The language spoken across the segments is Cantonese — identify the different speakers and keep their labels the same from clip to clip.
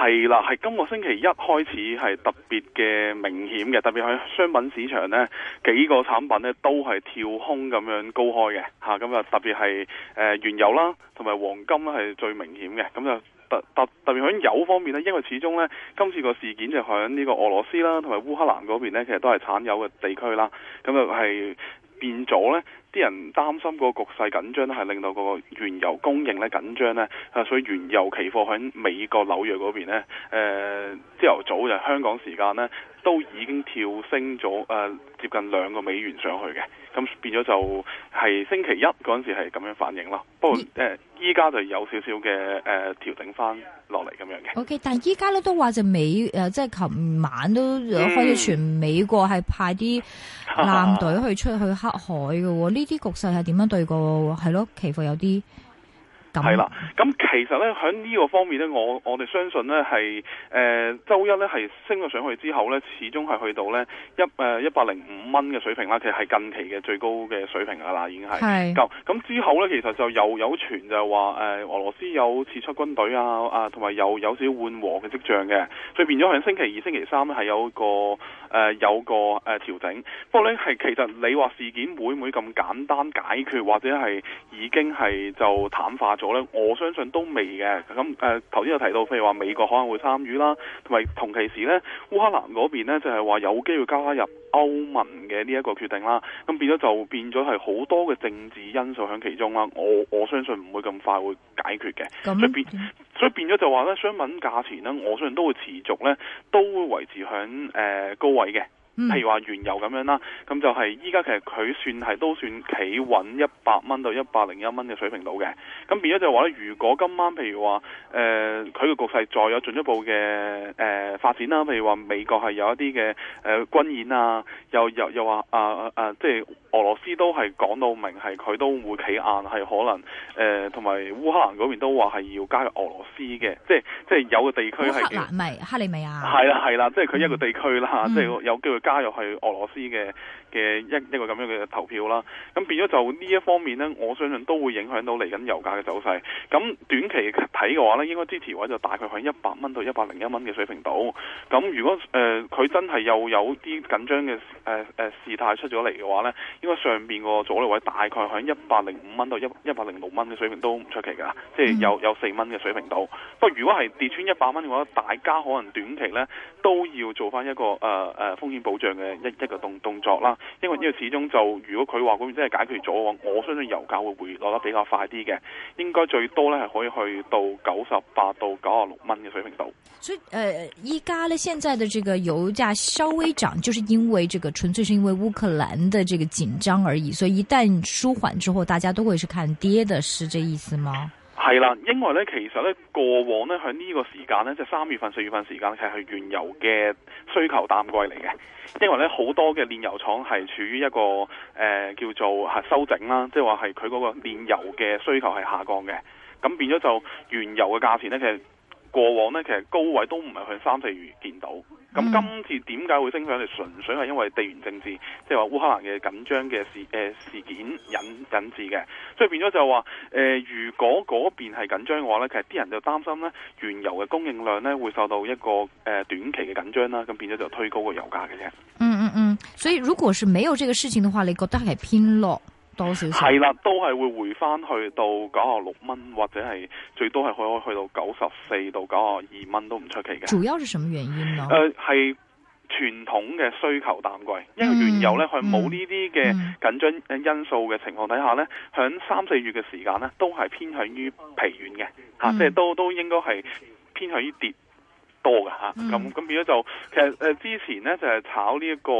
Speaker 1: 係啦，係今個星期一開始係特別嘅明顯嘅，特別喺商品市場呢幾個產品呢都係跳空咁樣高開嘅，吓咁啊，就特別係誒原油啦，同埋黃金咧係最明顯嘅，咁就特特特別喺油方面呢，因為始終呢今次個事件就喺呢個俄羅斯啦，同埋烏克蘭嗰邊呢，其實都係產油嘅地區啦，咁就係變咗呢。啲人擔心個局勢緊張咧，係令到個原油供應咧緊張咧，啊，所以原油期貨喺美國紐約嗰邊咧，誒朝頭早就香港時間咧，都已經跳升咗誒、呃、接近兩個美元上去嘅，咁變咗就係星期一嗰陣時係咁樣反應咯。不過誒依家就有少少嘅誒調整翻落嚟咁樣嘅。OK，
Speaker 2: 但係依家咧都話就美誒，即係琴晚都開始全美國係派啲艦隊去出去黑海嘅喎。嗯 呢啲局勢係點樣對過？係咯，期貨有啲。係啦，
Speaker 1: 咁、嗯、其實咧喺呢個方面咧，我我哋相信咧係誒週一咧係升咗上去之後咧，始終係去到咧一誒一百零五蚊嘅水平啦。其實係近期嘅最高嘅水平啦，已經係。係是。咁之後咧，其實就又有傳就係話誒俄羅斯有撤出軍隊啊啊，同、呃、埋有有少少緩和嘅跡象嘅，所以變咗喺星期二、星期三係有個誒、呃、有個誒、啊、調整。不過咧係其實你話事件會唔會咁簡單解決，或者係已經係就淡化？我相信都未嘅。咁誒，頭先有提到，譬如話美國可能會參與啦，同埋同期時呢，烏克蘭嗰邊咧就係話有機會加入歐盟嘅呢一個決定啦。咁變咗就變咗係好多嘅政治因素喺其中啦。我我相信唔會咁快會解決嘅。咁咧那，所以變，所以變咗就話呢，商品價錢呢，我相信都會持續呢，都會維持喺誒高位嘅。譬如話原油咁樣啦，咁就係依家其實佢算係都算企穩一百蚊到一百零一蚊嘅水平度嘅。咁變咗就話咧，如果今晚譬如話，誒佢個局勢再有進一步嘅誒、呃、發展啦，譬如話美國係有一啲嘅誒軍演啊，又又又話啊啊即係。俄羅斯都係講到明，係佢都會企硬，係可能誒，同埋烏克蘭嗰邊都話係要加入俄羅斯嘅，即係即係有個地區係烏克蘭，唔
Speaker 2: 係克里米
Speaker 1: 亞，係啦係啦，即係佢一個地區啦，嗯、即係有機會加入去俄羅斯嘅。嘅一一個咁樣嘅投票啦，咁變咗就呢一方面呢，我相信都會影響到嚟緊油價嘅走勢。咁短期睇嘅話呢，應該支持位就大概喺一百蚊到一百零一蚊嘅水平度。咁如果誒佢、呃、真係又有啲緊張嘅誒誒事態出咗嚟嘅話呢，應該上邊個阻力位大概喺一百零五蚊到一一百零六蚊嘅水平都唔出奇㗎，即係、嗯、有有四蚊嘅水平度。不過如果係跌穿一百蚊嘅話，大家可能短期呢都要做翻一個誒誒、呃呃、風險保障嘅一一個動動作啦。因為呢個始終就，如果佢話嗰邊真係解決咗嘅話，我相信油價會回落得比較快啲嘅，應該最多咧係可以去到九十八到九十六蚊嘅水平度。
Speaker 2: 所以，誒、呃，依家咧現在嘅這個油價稍微漲，就是因為這個純粹是因為烏克蘭的這個緊張而已。所以一旦舒緩之後，大家都會去看跌的，是這意思嗎？
Speaker 1: 係啦，因為咧其實咧過往咧喺呢個時間咧，即係三月份、四月份時間其實係原油嘅需求淡季嚟嘅。因為咧好多嘅煉油廠係處於一個誒、呃、叫做係修整啦，即係話係佢嗰個煉油嘅需求係下降嘅，咁變咗就原油嘅價錢咧其實。過往呢，其實高位都唔係去三四月見到。咁今、嗯、次點解會升上嚟？純粹係因為地緣政治，即係話烏克蘭嘅緊張嘅事誒、呃、事件引引致嘅。所以變咗就話誒、呃，如果嗰邊係緊張嘅話呢，其實啲人就擔心咧，原油嘅供應量呢會受到一個誒、呃、短期嘅緊張啦，咁變咗就推高個油價嘅啫。嗯嗯
Speaker 2: 嗯，所以如果是沒有這個事情嘅話，你覺得係偏落？係
Speaker 1: 啦，都係會回翻去到九啊六蚊，或者係最多係可以去到九十四到九啊二蚊都唔出奇嘅。主要係什麼原因咧？誒、呃，係傳統嘅需求淡季，因為原油咧，佢冇呢啲嘅緊張因素嘅情況底下咧，喺三四月嘅時間咧，都係偏向於疲軟嘅，吓、嗯，即係都都應該係偏向於跌。多嘅嚇，咁、啊、咁變咗就其實誒、呃、之前咧就係、是、炒、這個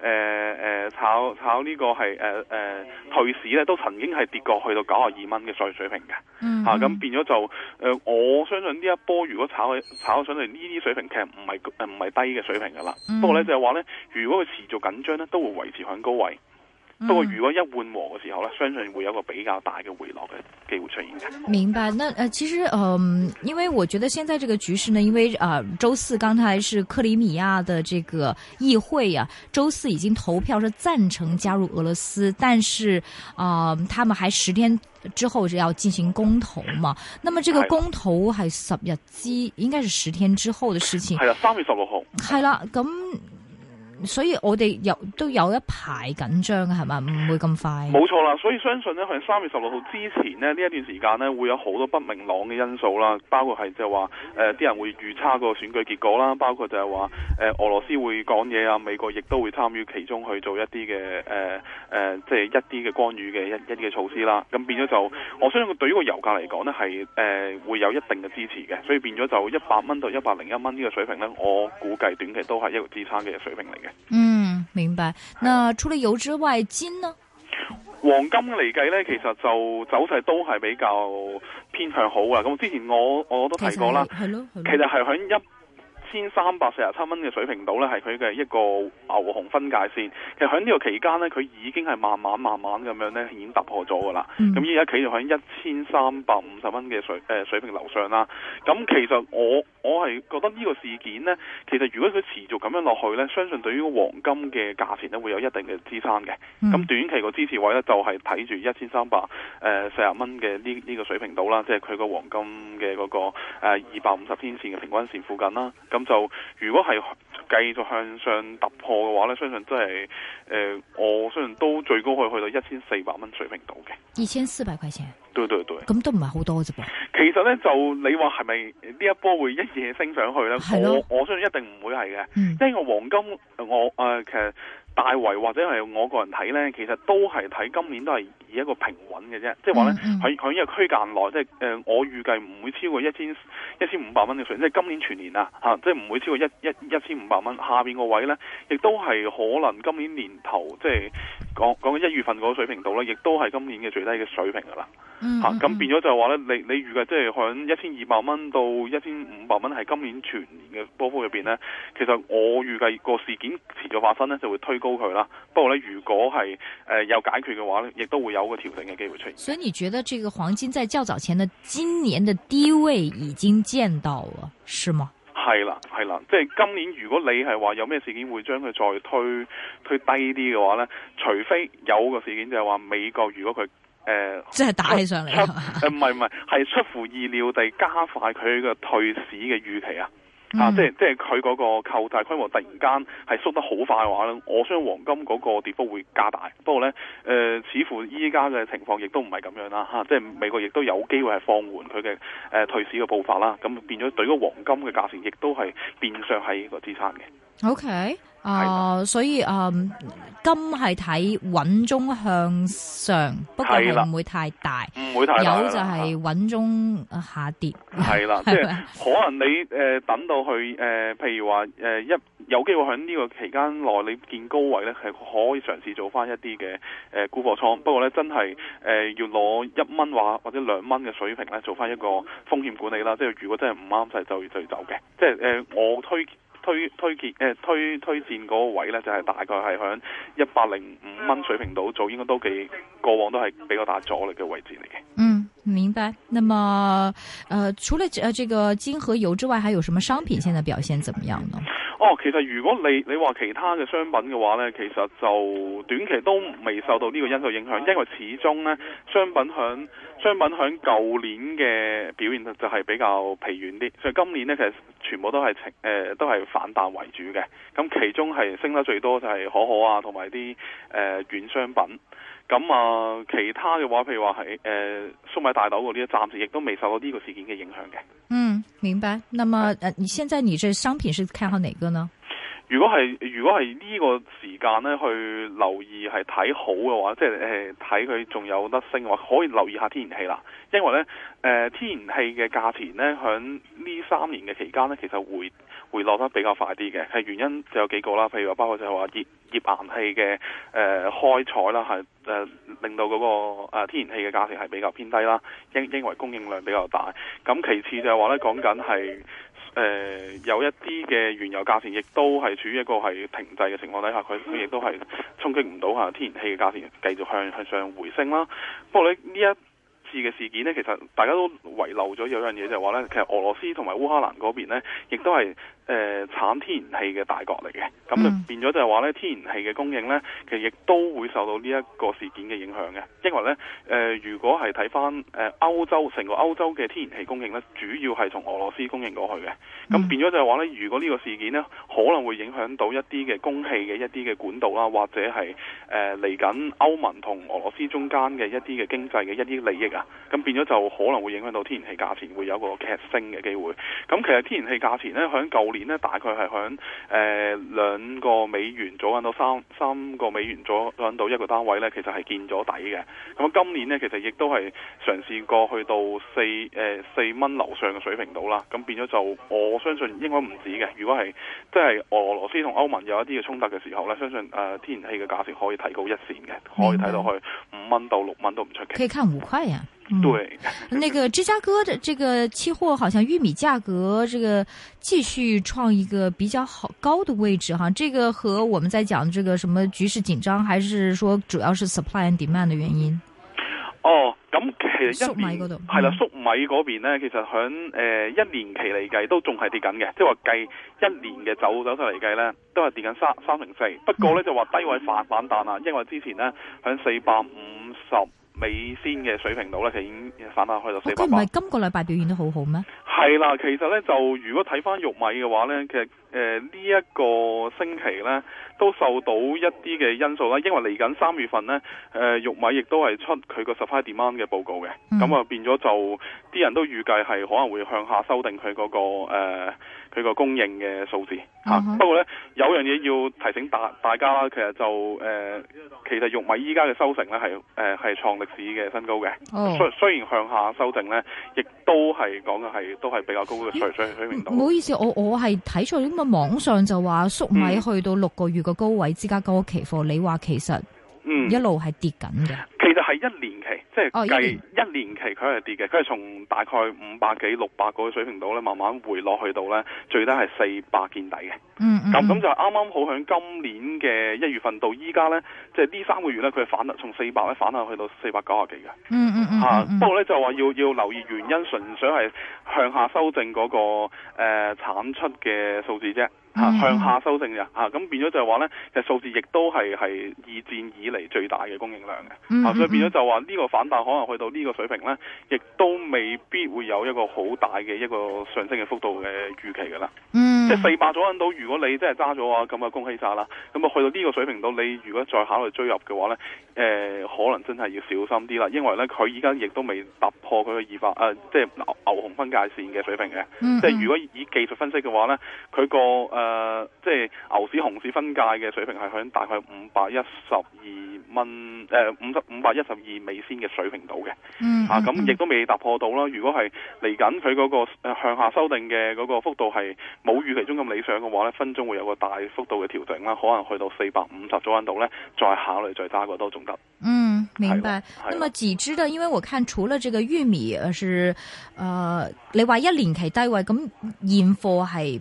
Speaker 1: 呃炒，炒呃、呢一個誒誒炒炒呢個係誒誒退市咧，都曾經係跌過去到九十二蚊嘅所水平嘅，嚇、啊、咁變咗就誒、呃、我相信呢一波如果炒起炒上嚟呢啲水平其實唔係誒唔係低嘅水平噶啦，嗯、不過咧就係話咧，如果佢持續緊張咧，都會維持喺高位。不過、嗯、如果一緩和嘅時候呢，相信會有個比較大嘅回落嘅機會出現嘅。
Speaker 2: 明白？那誒、呃，其實嗯、呃，因為我覺得現在這個局勢呢，因為啊，周、呃、四剛才是克里米亞的這個議會啊，周四已經投票是贊成加入俄羅斯，但是啊、呃，他們還十天之後就要進行公投嘛？那麼這個公投係十日之的應該是十天之後的事情。係啊，
Speaker 1: 三月十六
Speaker 2: 號。係啦，咁。所以我哋有都有一排緊張嘅係嘛，唔會咁快。冇
Speaker 1: 錯啦，所以相信呢喺三月十六號之前呢，呢一段時間呢，會有好多不明朗嘅因素啦，包括係就係話誒啲人會預測個選舉結果啦，包括就係話誒俄羅斯會講嘢啊，美國亦都會參與其中去做一啲嘅誒誒，即、呃、係、呃就係、一啲嘅干預嘅一一啲嘅措施啦。咁變咗就，我相信對於個油價嚟講呢，係誒、呃、會有一定嘅支持嘅，所以變咗就一百蚊到一百零一蚊呢個水平呢，我估計短期都係一個支撐嘅水平嚟
Speaker 2: 嗯，明白。那除了油之外，金呢？
Speaker 1: 黃金嚟計咧，其實就走勢都係比較偏向好啊。咁之前我我都提過啦，係咯，係咯，其實係響一千三百四十七蚊嘅水平度呢，係佢嘅一個牛熊分界線。其實喺呢個期間呢，佢已經係慢慢慢慢咁樣呢已經突破咗噶啦。咁依家企住喺一千三百五十蚊嘅水誒、呃、水平樓上啦。咁其實我我係覺得呢個事件呢，其實如果佢持續咁樣落去呢，相信對於個黃金嘅價錢呢，會有一定嘅支撐嘅。咁、嗯、短期個支持位呢，就係睇住一千三百誒四十蚊嘅呢呢個水平度啦，即係佢個黃金嘅嗰、個誒二百五十天線嘅平均線附近啦。咁就如果係繼續向上突破嘅話咧，相信真係誒，我相信都最高可以去到一千四百蚊水平度嘅。
Speaker 2: 二千四百塊錢，
Speaker 1: 對對對。
Speaker 2: 咁都唔係好多啫噃。
Speaker 1: 其實咧，就你話係咪呢一波會一夜升上去咧？係咯？我，我相信一定唔會係嘅。嗯、因為黃金，我誒、呃、其實。大圍或者係我個人睇呢，其實都係睇今年都係以一個平穩嘅啫，即係話呢，喺喺、mm hmm. 一個區間內，即係誒，我預計唔會超過一千一千五百蚊嘅水平。即係今年全年啊嚇，即係唔會超過一一一千五百蚊。下邊個位呢，亦都係可能今年年頭即係。講講緊一月份嗰個水平度咧，亦都係今年嘅最低嘅水平噶啦。
Speaker 3: 吓咁、嗯嗯嗯
Speaker 1: 啊、變咗就係話咧，你你預計即係響一千二百蚊到一千五百蚊係今年全年嘅波幅入邊咧，其實我預計個事件持續發生咧就會推高佢啦。不過咧，如果係誒、呃、有解決嘅話咧，亦都會有個調整嘅機會出現。所以
Speaker 2: 你覺得這個黃金在較早前的今年的低位已經見到了，是嗎？
Speaker 1: 係啦，係啦，即係今年如果你係話有咩事件會將佢再推推低啲嘅話呢，除非有個事件就係話美國如果佢誒，呃、即係打起上嚟，誒唔係唔係，係、呃、出乎意料地加快佢個退市嘅預期啊。啊！即係即係佢嗰個購債規模突然間係縮得好快嘅話咧，我相信黃金嗰個跌幅會加大。不過咧，誒、呃、似乎依家嘅情況亦都唔係咁樣啦。嚇、啊！即係美國亦都有機會係放緩佢嘅誒退市嘅步伐啦。咁、啊、變咗對個黃金嘅價錢，亦都係變相係一個支撐嘅。
Speaker 2: OK，啊、uh, 的，所以嗯，金係睇穩中向上，不過係唔會太大，唔會太大，有就係穩中下跌。係啦的， 即係
Speaker 1: 可能你誒、呃、等到去誒、呃，譬如話誒一有機會喺呢個期間內你見高位咧，係可以嘗試做翻一啲嘅誒沽貨倉。不過咧真係誒、呃、要攞一蚊話或者兩蚊嘅水平咧，做翻一個風險管理啦。即係如果真係唔啱晒，就要就要走嘅。即係誒，我推。推推薦誒，推推薦嗰個位咧，就係大概係響一百零五蚊水平度做，應該都幾過往都係比較大阻力嘅位置嚟嘅。
Speaker 2: 嗯，明白。那麼誒，呃，除了誒，這個金和油之外，還有什麼商品現在表現怎麼樣呢？
Speaker 1: 哦，其實如果你你話其他嘅商品嘅話咧，其實就短期都未受到呢個因素影響，因為始終咧，商品響商品響舊年嘅表現就係比較疲軟啲，所以今年咧其實全部都係情、呃、都係反彈為主嘅，咁其中係升得最多就係可可啊同埋啲誒軟商品。咁啊，其他嘅話，譬如話係誒、粟米、呃、大豆嗰啲，暫時亦都未受到呢個事件嘅影響嘅。
Speaker 2: 嗯，明白。那麼誒，你現在你對商品是看好哪個呢？
Speaker 1: 如果係如果係呢個時間咧，去留意係睇好嘅話，即係誒睇佢仲有得升嘅話，可以留意下天然氣啦。因為咧，誒、呃、天然氣嘅價錢咧，響呢三年嘅期間咧，其實會回落得比較快啲嘅，係原因就有幾個啦，譬如話包括就係話頁頁岩氣嘅誒、呃、開採啦，係誒、呃、令到嗰、那個、呃、天然氣嘅價錢係比較偏低啦，因因為供應量比較大。咁其次就係話咧講緊係誒有一啲嘅原油價錢亦都係處於一個係停滯嘅情況底下，佢佢亦都係衝擊唔到吓天然氣嘅價錢繼續向向上回升啦。不過咧呢一次嘅事件呢，其實大家都遺漏咗有樣嘢就係話咧，其實俄羅斯同埋烏克蘭嗰邊咧，亦都係誒、呃、產天然氣嘅大國嚟嘅，咁就變咗就係話咧，天然氣嘅供應咧，其實亦都會受到呢一個事件嘅影響嘅，因為咧，誒、呃、如果係睇返誒歐洲成個歐洲嘅天然氣供應咧，主要係從俄羅斯供應過去嘅，咁變咗就係話咧，如果呢個事件呢，可能會影響到一啲嘅供氣嘅一啲嘅管道啦，或者係誒嚟緊歐盟同俄羅斯中間嘅一啲嘅經濟嘅一啲利益啊，咁變咗就可能會影響到天然氣價錢會有一個劇升嘅機會，咁其實天然氣價錢咧喺舊年呢，大概係響誒兩個美元左右到三三個美元左右到一個單位呢，其實係見咗底嘅。咁、嗯、今年呢，其實亦都係嘗試過去到四誒、呃、四蚊樓上嘅水平度啦。咁變咗就我相信應該唔止嘅。如果係即係俄羅斯同歐盟有一啲嘅衝突嘅時候呢，相信誒、呃、天然氣嘅價值可以提高一線嘅，可以睇到去。可
Speaker 2: 以看五塊呀。嗯、
Speaker 1: 對，
Speaker 2: 那個芝加哥的這個期貨，好像玉米價格這個繼續創一個比較好高的位置哈。這個和我們在講這個什麼局勢緊張，還是說主要是 supply and demand 的原因？
Speaker 1: 哦，咁其實一年係啦，粟米嗰邊咧了，其實響誒、呃、一年期嚟計都仲係跌緊嘅。即係話計一年嘅走走勢嚟計咧，都係跌緊三三成四。不過咧就話低位反反彈啊，因為之前咧響四百五十。美仙嘅水平度咧，其實已經反彈開咗四百。佢唔
Speaker 2: 係今個禮拜表現得好好咩？
Speaker 1: 係啦，其實咧就如果睇翻玉米嘅話咧，其實誒呢一個星期咧都受到一啲嘅因素啦，因為嚟緊三月份咧誒、呃、玉米亦都係出佢個 supply demand 嘅報告嘅，咁啊、嗯、變咗就啲人都預計係可能會向下修定佢嗰、那個佢個、呃、供應嘅數字嚇。啊嗯、哼不過咧有樣嘢要提醒大大家啦，其實就誒、呃、其實玉米依家嘅收成咧係誒係創歷市嘅新高嘅，oh. 雖雖然向下修正咧，亦都係講嘅係都係比較高嘅水水水平度。
Speaker 2: 唔好意思，我我係睇錯咁啊。網上就話粟米去到六個月嘅高位，芝加哥期貨，你話其實嗯一路係跌緊
Speaker 1: 嘅。係一年期，即係計、oh, 一,一年期，佢係跌嘅。佢係從大概五百幾、六百個水平度咧，慢慢回落去到咧，最低係四百見底嘅。嗯。咁咁就啱啱好喺今年嘅一月份到依家咧，即係呢三個月咧，佢係反啦，從四百咧反下去到四百九十幾嘅。嗯嗯嗯。嚇！不過咧就話要要留意原因，純粹係向下修正嗰、那個誒、呃、產出嘅數字啫。嚇、mm hmm. 啊、向下修正嘅嚇，咁、啊、變咗就係話咧，其實數字亦都係係二戰以嚟最大嘅供應量嘅，嚇、mm hmm. 啊，所以變咗就話呢個反彈可能去到呢個水平咧，亦都未必會有一個好大嘅一個上升嘅幅度嘅預期㗎啦。嗯、mm。
Speaker 3: Hmm. 即係四
Speaker 1: 百咗，揾到。如果你真係揸咗啊，咁啊恭喜晒啦！咁啊去到呢個水平度，你如果再考慮追入嘅話咧，誒、呃、可能真係要小心啲啦。因為咧，佢依家亦都未突破佢嘅二百誒，即係牛熊分界線嘅水平嘅。嗯嗯，即係如果以技術分析嘅話咧，佢個誒即係牛市熊市分界嘅水平係響大概五百一十二。問誒、呃、五十五百一十二美仙嘅水平度嘅、嗯，
Speaker 3: 嗯，啊咁亦
Speaker 1: 都未突破到啦。如果係嚟緊佢嗰個向下修定嘅嗰個幅度係冇預期中咁理想嘅話呢分鐘會有個大幅度嘅調整啦，可能去到四百五十左右度呢，再考慮再揸個都仲得。嗯，
Speaker 2: 明白。咁啊，啦幾支咧？因為我睇，除了這個玉米，是誒、呃，你話一年期低位，咁現貨係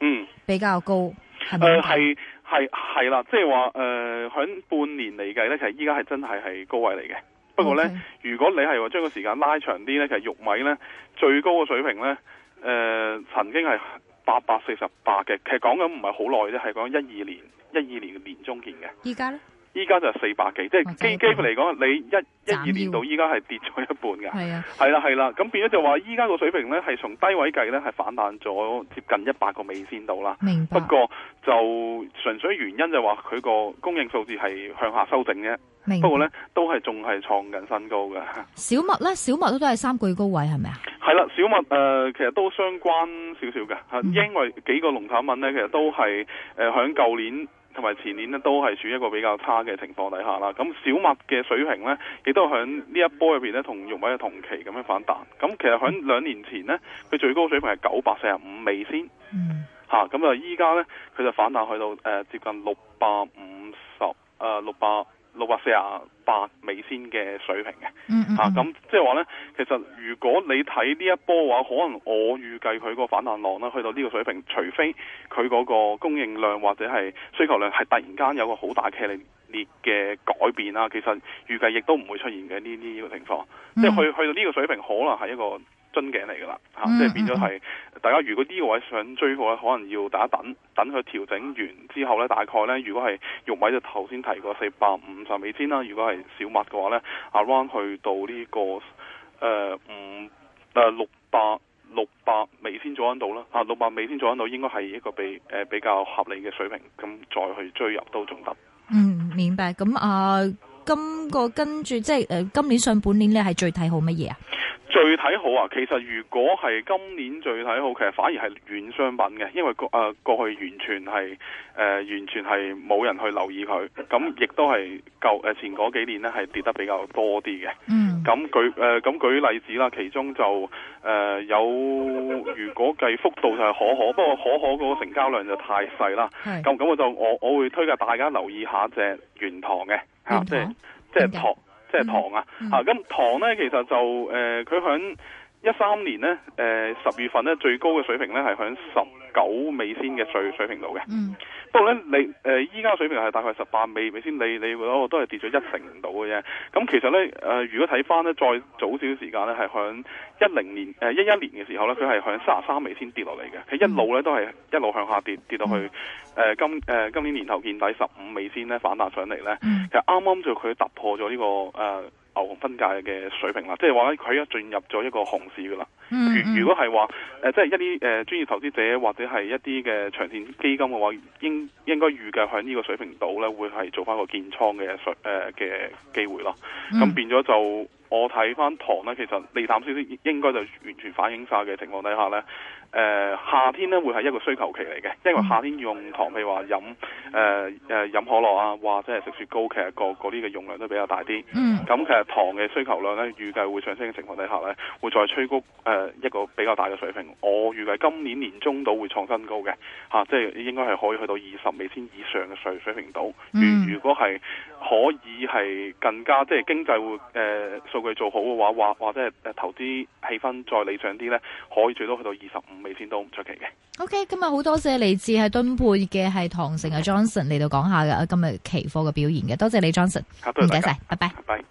Speaker 2: 嗯比較高，
Speaker 1: 係咪、嗯？誒係係啦，即係話誒，喺、就是呃、半年嚟計呢，其實依家係真係係高位嚟嘅。不過呢，Okay. 如果你係話將個時間拉長啲呢，其實玉米呢，最高嘅水平呢，誒、呃、曾經係八百四十八嘅。其實講緊唔係好耐啫，係講一二年一二年嘅年中見嘅。依家咧。.依家就四百幾，即係基基本嚟講，你一一銷二年到依家係跌咗一半嘅。係啦，係啦，咁、啊啊、變咗就話依家個水平咧係從低位計咧係反彈咗接近一百個美仙度啦。白不過就純粹原因就話佢個供應數字係向下修正啫。白不過咧都係仲係創緊新高嘅。
Speaker 2: 小麥咧，小麥都都係三季高位係咪啊？
Speaker 1: 係啦，小麥誒、呃，其實都相關少少嘅嚇，因為幾個農產品咧，其實都係誒響舊年。同埋前年呢都係處於一個比較差嘅情況底下啦，咁小麥嘅水平呢，亦都喺呢一波入邊呢，同玉米嘅同期咁樣反彈，咁其實喺兩年前呢，佢最高水平係九百四十五美仙，吓咁、嗯、啊依家呢，佢就反彈去到誒、呃、接近六百五十誒六百，六百四啊八美仙嘅水平嘅，啊、嗯、咁、嗯、即係話咧，其實如果你睇呢一波嘅話，可能我預計佢個反彈浪啦，去到呢個水平，除非佢嗰個供應量或者係需求量係突然間有個好大劇烈嘅改變啦、啊，其實預計亦都唔會出現嘅呢呢個情況，嗯、即係去去到呢個水平，可能係一個。樽頸嚟噶啦，吓即係變咗係大家。如果呢個位想追貨，可能要打等，等佢調整完之後咧，大概咧，如果係玉米就頭先提過四百五十美仙啦。如果係小麥嘅話咧阿 round 去到呢、這個誒五誒六百六百美仙左右度啦。吓六百美仙左右度應該係一個比誒、呃、比較合理嘅水平。咁再去追入都仲得。
Speaker 2: 嗯，明白。咁啊、呃，今個跟住即係誒、呃，今年上半年咧係最睇好乜嘢啊？
Speaker 1: 最睇好啊，其實如果係今年最睇好，其實反而係軟商品嘅，因為過誒、呃、過去完全係誒、呃、完全係冇人去留意佢，咁亦都係舊誒前嗰幾年咧係跌得比較多啲嘅。嗯，咁舉誒咁、呃、舉例子啦，其中就誒、呃、有如果計幅度就係可可，不過可可嗰個成交量就太細啦。咁咁是我就我我會推介大家留意一下隻原糖嘅吓，即係即係糖。即係糖啊！吓咁，糖咧，其實就誒佢響一三年咧，誒、呃、十月份咧，最高嘅水平咧係響十。九美仙嘅水水平度嘅，
Speaker 3: 嗯、
Speaker 1: 不過咧你誒依家水平係大概十八美美仙，你你我我都係跌咗一成度嘅啫。咁、嗯、其實咧誒、呃，如果睇翻咧，再早少少時間咧，係響一零年誒、呃、一一年嘅時候咧，佢係響三十三美仙跌落嚟嘅，佢一路咧都係一路向下跌跌到去誒今誒今年年頭見底十五美仙咧反彈上嚟咧，嗯、其實啱啱就佢突破咗呢個誒、呃分界嘅水平啦，即係話佢一進入咗一個熊市噶啦。
Speaker 3: 如、mm hmm. 如果係
Speaker 1: 話，誒、呃，即、就、係、是、一啲誒、呃、專業投資者或者係一啲嘅長線基金嘅話，應應該預計喺呢個水平度咧，會係做翻個建倉嘅誒嘅機會咯。咁、mm hmm. 變咗就我睇翻糖咧，其實利淡消息應該就完全反映晒嘅情況底下咧。誒、呃、夏天咧會係一個需求期嚟嘅，因為夏天用糖，譬如話飲誒誒飲可樂啊，或者係食雪糕，其實個嗰啲嘅用量都比較大啲。嗯，咁其實糖嘅需求量咧預計會上升嘅情況底下咧，會再催谷誒一個比較大嘅水平。我預計今年年中到會創新高嘅，嚇、啊，即係應該係可以去到二十美仙以上嘅水水平度。嗯。如果係可以係更加即係經濟會誒、呃、數據做好嘅話，或或者誒投資氣氛再理想啲咧，可以最多去到二十五美仙都唔出奇嘅。
Speaker 2: O、okay, K，今日好多謝嚟自係敦沛嘅係唐成嘅 Johnson 嚟到講下嘅今日期貨嘅表現嘅，多謝你 Johnson，好唔該曬，
Speaker 3: 拜拜。拜拜。